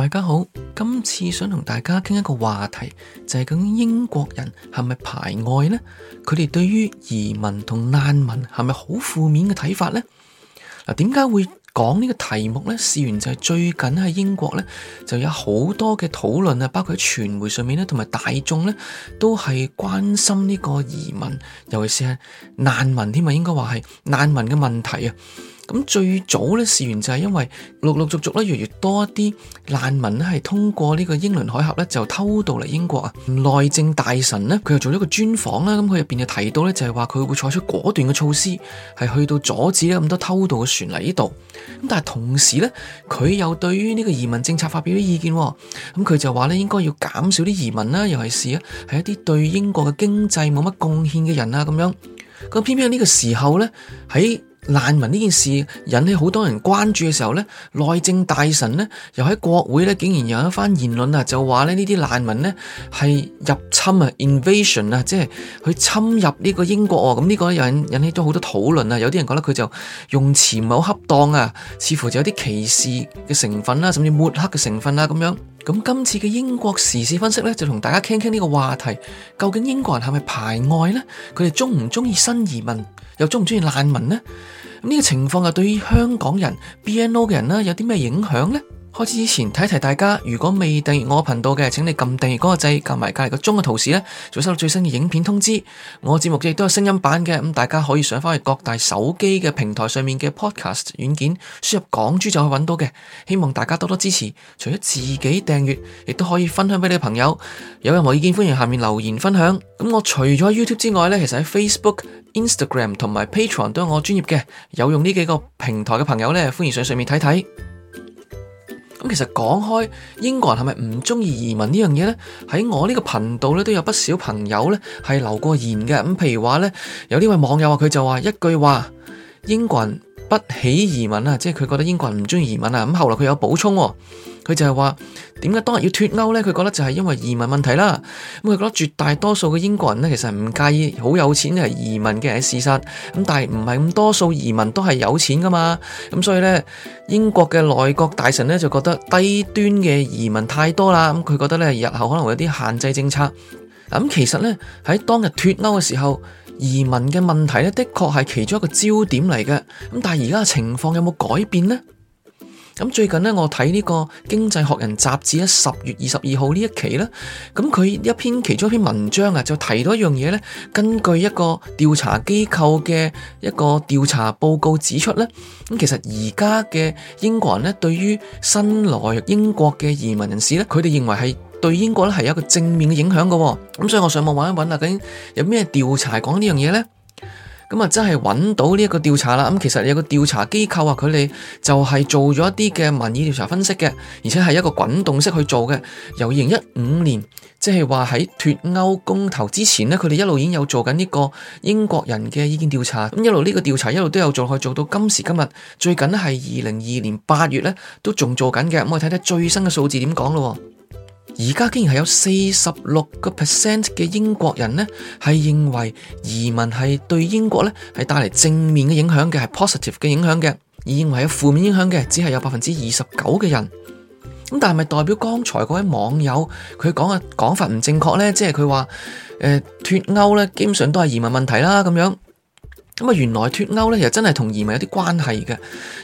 大家好，今次想同大家傾一個話題，就係究竟英國人係咪排外呢？佢哋對於移民同難民係咪好負面嘅睇法呢？嗱，點解會講呢個題目呢？事源就係最近喺英國呢，就有好多嘅討論啊，包括喺傳媒上面咧，同埋大衆呢，都係關心呢個移民，尤其是係難民添啊，應該話係難民嘅問題啊。咁最早咧，事源就係因為陸陸續續咧，越嚟越多一啲難民咧，係通過呢個英倫海峽咧，就偷渡嚟英國啊，內政大臣咧佢又做咗個專訪啦，咁佢入邊就提到咧就係話佢會採取果斷嘅措施，係去到阻止咧咁多偷渡嘅船嚟呢度。咁但係同時咧佢又對於呢個移民政策發表啲意見，咁佢就話咧應該要減少啲移民啦，尤其是啊係一啲對英國嘅經濟冇乜貢獻嘅人啊咁樣。咁偏偏喺呢個時候咧喺。難民呢件事引起好多人關注嘅時候咧，內政大臣咧又喺國會咧竟然有一番言論啊，就話咧呢啲難民咧係入侵啊，invasion 啊，In vation，即係佢侵入呢個英國啊，咁呢個引引起咗好多討論啊，有啲人覺得佢就用詞唔係好恰當啊，似乎就有啲歧視嘅成分啦，甚至抹黑嘅成分啦咁樣。咁今次嘅英國時事分析呢，就同大家傾傾呢個話題，究竟英國人係咪排外呢？佢哋中唔中意新移民，又中唔中意難民呢？咁呢個情況啊，對於香港人 BNO 嘅人呢，有啲咩影響呢？開始之前，提一提大家，如果未訂閱我頻道嘅，請你撳訂閱嗰個掣，撳埋隔籬個鐘嘅圖示呢，就收到最新嘅影片通知。我節目亦都有聲音版嘅，咁大家可以上翻去各大手機嘅平台上面嘅 Podcast 軟件，輸入港豬就可以揾到嘅。希望大家多多支持，除咗自己訂閱，亦都可以分享俾你朋友。有任何意見，歡迎下面留言分享。咁我除咗 YouTube 之外呢，其實喺 Facebook、Instagram 同埋 Patreon 都有我專業嘅。有用呢幾個平台嘅朋友呢，歡迎上上面睇睇。咁其實講開，英國人係咪唔中意移民呢樣嘢呢？喺我呢個頻道咧都有不少朋友咧係留過言嘅，咁譬如話呢，有呢位網友啊，佢就話一句話，英國人不喜移民啊，即係佢覺得英國人唔中意移民啊。咁後來佢有補充，哦。佢就係話點解當日要脫歐呢？佢覺得就係因為移民問題啦。咁佢覺得絕大多數嘅英國人呢，其實唔介意好有錢嘅移民嘅人喺事實。咁但係唔係咁多數移民都係有錢噶嘛。咁所以呢，英國嘅內閣大臣呢，就覺得低端嘅移民太多啦。咁佢覺得呢，日後可能會有啲限制政策。咁其實呢，喺當日脫歐嘅時候，移民嘅問題呢，的確係其中一個焦點嚟嘅。咁但係而家嘅情況有冇改變呢？咁最近咧，我睇呢個《經濟學人》雜誌喺十月二十二號呢一期呢，咁佢一篇其中一篇文章啊，就提到一樣嘢咧。根據一個調查機構嘅一個調查報告指出呢，咁其實而家嘅英國人呢，對於新來英國嘅移民人士呢，佢哋認為係對英國咧，係有一個正面嘅影響嘅。咁所以我上網揾一揾啦，究竟有咩調查講呢樣嘢呢？咁啊，真係揾到呢一個調查啦。咁其實有個調查機構啊，佢哋就係做咗一啲嘅民意調查分析嘅，而且係一個滾動式去做嘅。由二零一五年，即係話喺脱歐公投之前咧，佢哋一路已經有做緊呢個英國人嘅意見調查，咁一路呢個調查一路都有做，去做到今時今日最近係二零二二年八月咧都仲做緊嘅。咁我哋睇睇最新嘅數字點講咯。而家竟然係有四十六個 percent 嘅英國人呢，係認為移民係對英國呢係帶嚟正面嘅影響嘅，係 positive 嘅影響嘅；而認為有負面影響嘅，只係有百分之二十九嘅人。咁但係咪代表剛才嗰位網友佢講嘅講法唔正確呢？即係佢話誒脱歐呢，基本上都係移民問題啦，咁樣。咁啊，原來脱歐咧又真係同移民有啲關係嘅，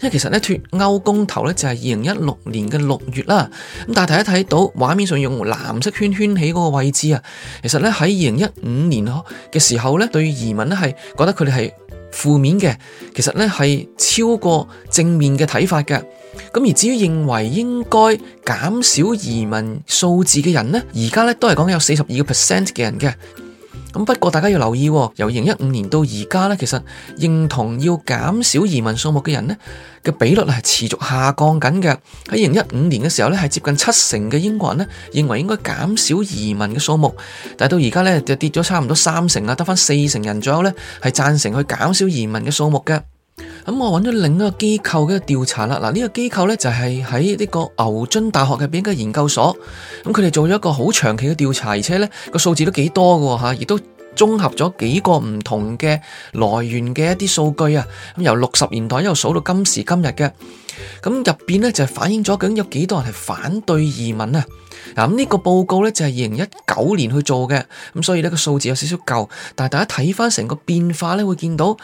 因為其實咧脱歐公投咧就係二零一六年嘅六月啦。咁但係大家睇到畫面上用藍色圈圈起嗰個位置啊，其實咧喺二零一五年嘅時候咧對移民咧係覺得佢哋係負面嘅，其實咧係超過正面嘅睇法嘅。咁而至於認為應該減少移民數字嘅人咧，而家咧都係講有四十二個 percent 嘅人嘅。不過，大家要留意，由二零一五年到而家呢，其實認同要減少移民數目嘅人呢，嘅比率係持續下降緊嘅。喺二零一五年嘅時候呢，係接近七成嘅英國人呢，認為應該減少移民嘅數目，但到而家呢，就跌咗差唔多三成啊，得返四成人左右呢，係贊成去減少移民嘅數目嘅。咁我揾咗另一個機構嘅調查啦，嗱，呢個機構呢，就係喺呢個牛津大學入邊嘅研究所，咁佢哋做咗一個好長期嘅調查，而且呢個數字都幾多㗎吓，亦都綜合咗幾個唔同嘅來源嘅一啲數據啊，咁由六十年代一路數到今時今日嘅，咁入邊呢，就係反映咗究竟有幾多人係反對移民啊，嗱，呢個報告呢，就係二零一九年去做嘅，咁所以呢個數字有少少舊，但係大家睇翻成個變化呢，會見到。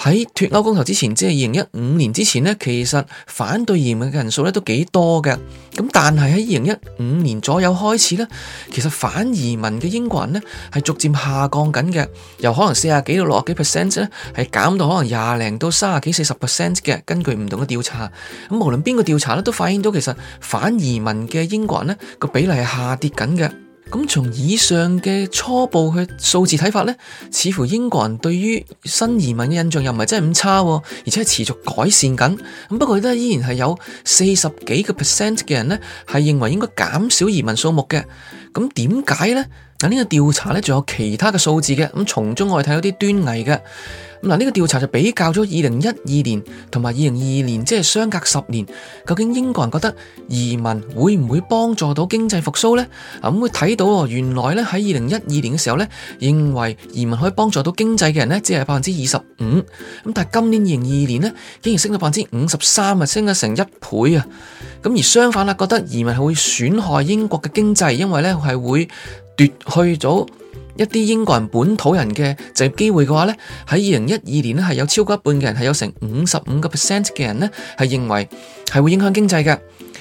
喺脫歐公投之前，即係二零一五年之前呢，其實反對移民嘅人數咧都幾多嘅。咁但係喺二零一五年左右開始呢，其實反移民嘅英國人呢係逐漸下降緊嘅，由可能四十幾到六十幾 percent 咧，係減到可能廿零到三十幾四十 percent 嘅。根據唔同嘅調查，咁無論邊個調查咧，都發現到其實反移民嘅英國人呢個比例係下跌緊嘅。咁從以上嘅初步去數字睇法咧，似乎英國人對於新移民嘅印象又唔係真係咁差，而且係持續改善緊。咁不過咧，依然係有四十幾個 percent 嘅人咧，係認為應該減少移民數目嘅。咁點解咧？嗱，呢個調查咧，仲有其他嘅數字嘅，咁從中我哋睇到啲端倪嘅。嗱，呢個調查就比較咗二零一二年同埋二零二二年，即係相隔十年，究竟英國人覺得移民會唔會幫助到經濟復蘇咧？咁會睇到，原來咧喺二零一二年嘅時候咧，認為移民可以幫助到經濟嘅人咧，只係百分之二十五。咁但係今年二零二二年咧，竟然升咗百分之五十三啊，升咗成一倍啊！咁而相反啦，覺得移民係會損害英國嘅經濟，因為咧係會。奪去咗一啲英國人本土人嘅就業機會嘅話呢，喺二零一二年呢係有超過一半嘅人係有成五十五個 percent 嘅人呢係認為係會影響經濟嘅。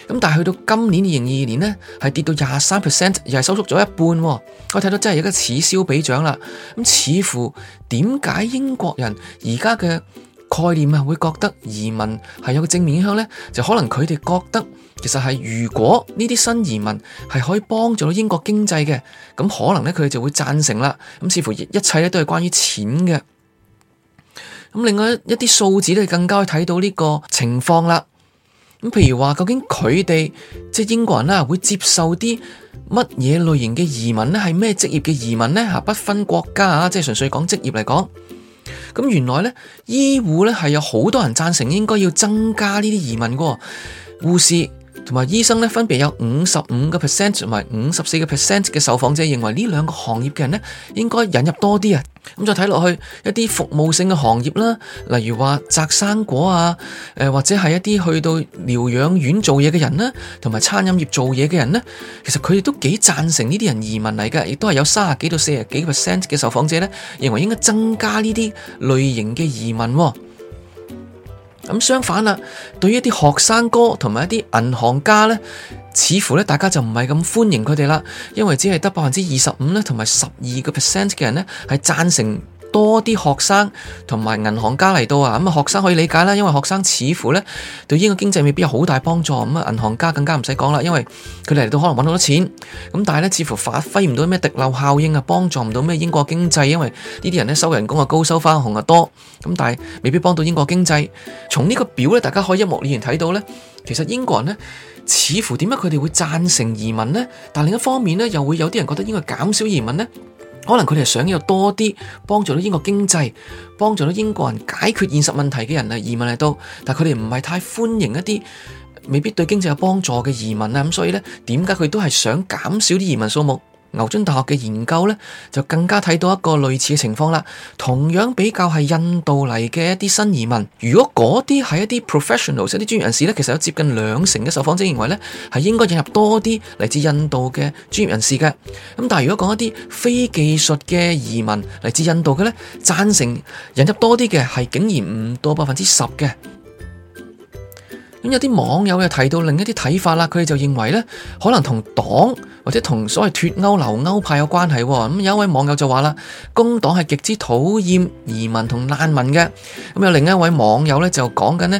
咁但係去到今年二零二二年呢，係跌到廿三 percent，又係收縮咗一半。我睇到真係有個此消彼長啦。咁似乎點解英國人而家嘅概念啊，會覺得移民係有個正面影響呢，就可能佢哋覺得其實係，如果呢啲新移民係可以幫助到英國經濟嘅，咁可能呢，佢哋就會贊成啦。咁似乎一切呢都係關於錢嘅。咁另外一啲數字呢更加睇到呢個情況啦。咁譬如話，究竟佢哋即係英國人啦，會接受啲乜嘢類型嘅移民呢？係咩職業嘅移民呢？吓，不分國家啊，即係純粹講職業嚟講。咁原來呢，醫護呢係有好多人贊成應該要增加呢啲移民嘅護士。同埋，醫生咧分別有五十五個 percent，同埋五十四個 percent 嘅受訪者認為呢兩個行業嘅人咧，應該引入多啲啊。咁再睇落去，一啲服務性嘅行業啦，例如話摘生果啊，誒或者係一啲去到療養院做嘢嘅人啦，同埋餐飲業做嘢嘅人咧，其實佢哋都幾贊成呢啲人移民嚟㗎，亦都係有三啊幾到四啊幾 percent 嘅受訪者咧，認為應該增加呢啲類型嘅移民喎。咁相反啦，對於一啲學生哥同埋一啲銀行家咧，似乎咧大家就唔係咁歡迎佢哋啦，因為只係得百分之二十五咧同埋十二個 percent 嘅人咧係贊成。多啲學生同埋銀行家嚟到啊，咁啊學生可以理解啦，因為學生似乎呢對英國經濟未必有好大幫助。咁啊銀行家更加唔使講啦，因為佢哋嚟到可能揾好多錢。咁但係呢，似乎發揮唔到咩滴漏效應啊，幫助唔到咩英國經濟，因為呢啲人呢收人工啊高，收花紅啊多。咁但係未必幫到英國經濟。從呢個表呢，大家可以一目了然睇到呢，其實英國人呢，似乎點解佢哋會贊成移民呢？但另一方面呢，又會有啲人覺得應該減少移民呢。可能佢哋想要多啲幫助到英國經濟，幫助到英國人解決現實問題嘅人移民嚟到，但係佢哋唔係太歡迎一啲未必對經濟有幫助嘅移民啦。咁所以呢，點解佢都係想減少啲移民數目。牛津大學嘅研究呢，就更加睇到一個類似嘅情況啦。同樣比較係印度嚟嘅一啲新移民，如果嗰啲係一啲 professional，即係啲專業人士呢，其實有接近兩成嘅受訪者認為呢，係應該引入多啲嚟自印度嘅專業人士嘅。咁但係如果講一啲非技術嘅移民嚟自印度嘅呢，贊成引入多啲嘅係竟然唔到百分之十嘅。有啲網友又提到另一啲睇法啦，佢哋就認為呢，可能同黨或者同所謂脱歐留歐派有關係。咁有一位網友就話啦，工黨係極之討厭移民同難民嘅。咁有另一位網友呢，就講緊呢，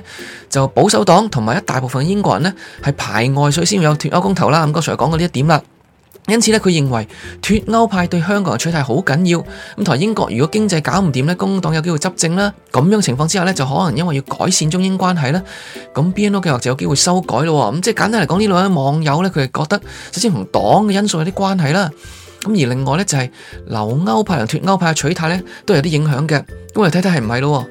就保守黨同埋一大部分英國人呢，係排外，所以先有脱歐公投啦。咁剛才講過呢一點啦。因此咧，佢認為脱歐派對香港嘅取態好緊要。同英國如果經濟搞唔掂呢，工黨有機會執政啦。咁樣情況之下呢，就可能因為要改善中英關係啦。咁 BNO 計劃就有機會修改咯。咁即係簡單嚟講，呢兩位網友呢，佢係覺得首先同黨嘅因素有啲關係啦。咁而另外呢，就係留歐派同脱歐派嘅取態呢，都有啲影響嘅。咁我哋睇睇係唔係咯？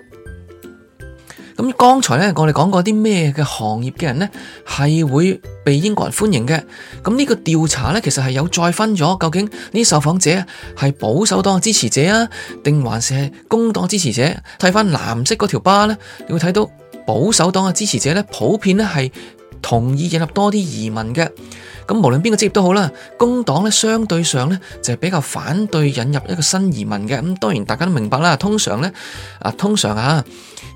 咁剛才咧，我哋講過啲咩嘅行業嘅人呢，係會被英國人歡迎嘅。咁、這、呢個調查呢，其實係有再分咗，究竟呢啲受訪者係保守黨嘅支持者啊，定還是係工黨支持者？睇翻藍色嗰條巴呢，你會睇到保守黨嘅支持者呢，普遍呢係同意引入多啲移民嘅。咁無論邊個職業都好啦，工黨呢，相對上呢，就係比較反對引入一個新移民嘅。咁當然大家都明白啦，通常呢，啊，通常啊。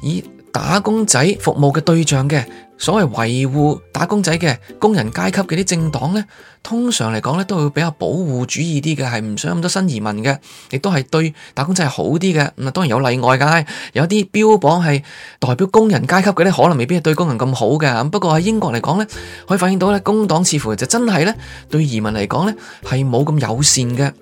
以。打工仔服務嘅對象嘅所謂維護打工仔嘅工人階級嘅啲政黨呢，通常嚟講呢，都會比較保護主義啲嘅，係唔想咁多新移民嘅，亦都係對打工仔係好啲嘅。咁啊當然有例外噶，有啲標榜係代表工人階級嘅呢，可能未必係對工人咁好嘅。不過喺英國嚟講呢，可以反映到呢，工黨似乎就真係呢，對移民嚟講呢，係冇咁友善嘅。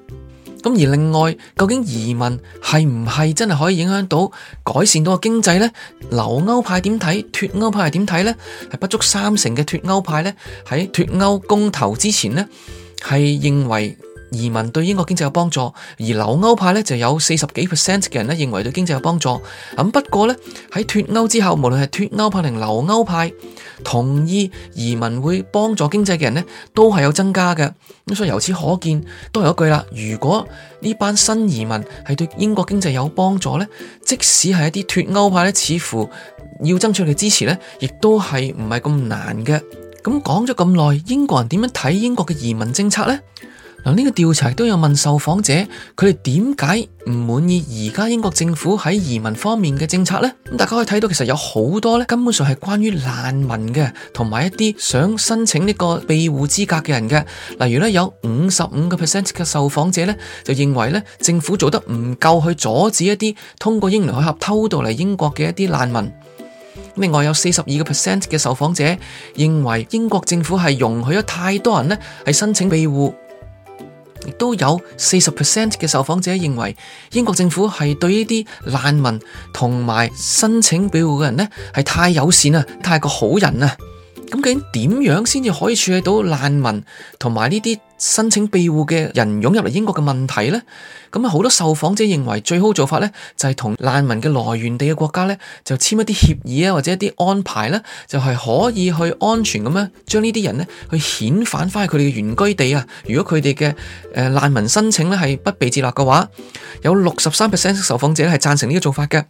咁而另外，究竟移民係唔係真係可以影響到改善到個經濟呢？留歐派點睇？脱歐派係點睇呢？係不足三成嘅脱歐派呢，喺脱歐公投之前呢，係認為，移民對英國經濟有幫助，而留歐派咧就有四十幾 percent 嘅人咧認為對經濟有幫助。咁不過咧喺脱歐之後，無論係脱歐派定留歐派同意移民會幫助經濟嘅人咧，都係有增加嘅。咁所以由此可見，都有一句啦：如果呢班新移民係對英國經濟有幫助咧，即使係一啲脱歐派咧，似乎要爭取嚟支持咧，亦都係唔係咁難嘅。咁講咗咁耐，英國人點樣睇英國嘅移民政策咧？呢個調查都有問受訪者佢哋點解唔滿意而家英國政府喺移民方面嘅政策呢？咁大家可以睇到，其實有好多咧根本上係關於難民嘅，同埋一啲想申請呢個庇護資格嘅人嘅。例如咧，有五十五個 percent 嘅受訪者咧就認為咧政府做得唔夠去阻止一啲通過英倫海峽偷渡嚟英國嘅一啲難民。另外有四十二個 percent 嘅受訪者認為英國政府係容許咗太多人咧係申請庇護。亦都有四十 percent 嘅受訪者認為英國政府係對呢啲難民同埋申請庇護嘅人呢係太友善啊，太過好人啊！咁究竟點樣先至可以處理到難民同埋呢啲申請庇護嘅人湧入湧入嚟英國嘅問題呢，咁啊好多受訪者認為最好做法呢，就係同難民嘅來源地嘅國家呢，就簽一啲協議啊或者一啲安排呢，就係可以去安全咁樣將呢啲人呢，去遣返翻去佢哋嘅原居地啊。如果佢哋嘅誒難民申請呢係不被接納嘅話，有六十三 percent 受訪者咧係贊成呢個做法嘅。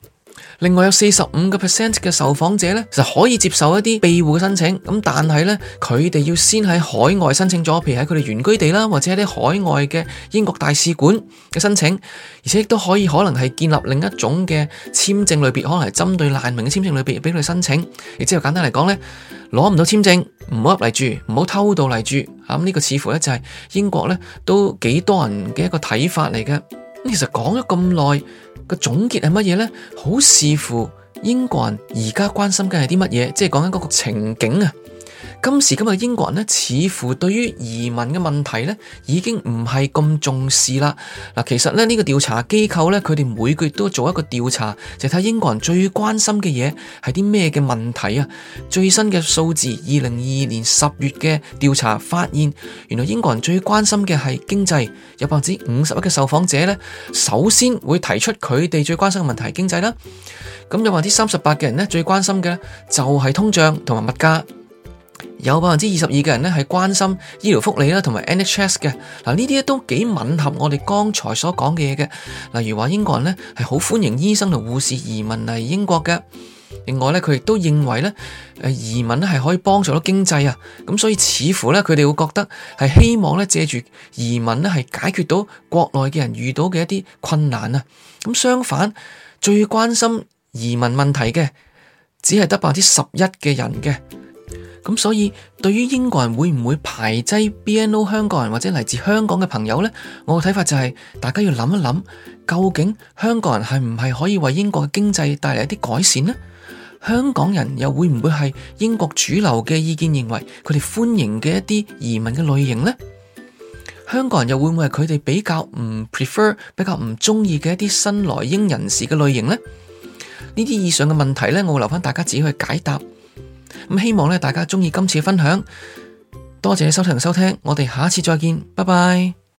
另外有四十五個 percent 嘅受訪者咧，其實可以接受一啲庇護嘅申請，咁但係咧佢哋要先喺海外申請咗，譬如喺佢哋原居地啦，或者一啲海外嘅英國大使館嘅申請，而且亦都可以可能係建立另一種嘅簽證類別，可能係針對難民嘅簽證類別俾佢申請。亦即係簡單嚟講咧，攞唔到簽證，唔好入嚟住，唔好偷渡嚟住啊！咁嗯呢個似乎咧就係英國咧都幾多人嘅一個睇法嚟嘅。其實講咗咁耐。個總結係乜嘢咧？好視乎英國人而家關心嘅係啲乜嘢，即係講緊嗰個情景啊！今時今日，英國人咧，似乎對於移民嘅問題咧，已經唔係咁重視啦。嗱，其實咧，呢個調查機構咧，佢哋每個月都做一個調查，就睇英國人最關心嘅嘢係啲咩嘅問題啊。最新嘅數字，二零二二年十月嘅調查發現，原來英國人最關心嘅係經濟，有百分之五十一嘅受訪者咧，首先會提出佢哋最關心嘅問題係經濟啦。咁有百分之三十八嘅人咧，最關心嘅就係通脹同埋物價。有百分之二十二嘅人呢，係關心醫療福利啦，同埋 NHS 嘅。嗱，呢啲都幾吻合我哋剛才所講嘅嘢嘅。例如話英國人呢係好歡迎醫生同護士移民嚟英國嘅。另外呢，佢亦都認為呢誒，移民呢係可以幫助到經濟啊。咁所以似乎呢，佢哋會覺得係希望呢，借住移民呢係解決到國內嘅人遇到嘅一啲困難啊。咁相反，最關心移民問題嘅只係得百分之十一嘅人嘅。咁所以，對於英國人會唔會排擠 BNO 香港人或者嚟自香港嘅朋友呢？我嘅睇法就係，大家要諗一諗，究竟香港人係唔係可以為英國嘅經濟帶嚟一啲改善呢？香港人又會唔會係英國主流嘅意見認為佢哋歡迎嘅一啲移民嘅類型呢？香港人又會唔會係佢哋比較唔 prefer、比較唔中意嘅一啲新來英人士嘅類型呢？呢啲以上嘅問題呢，我會留翻大家自己去解答。咁希望咧，大家鍾意今次分享，多謝收聽收聽，我哋下次再見，拜拜。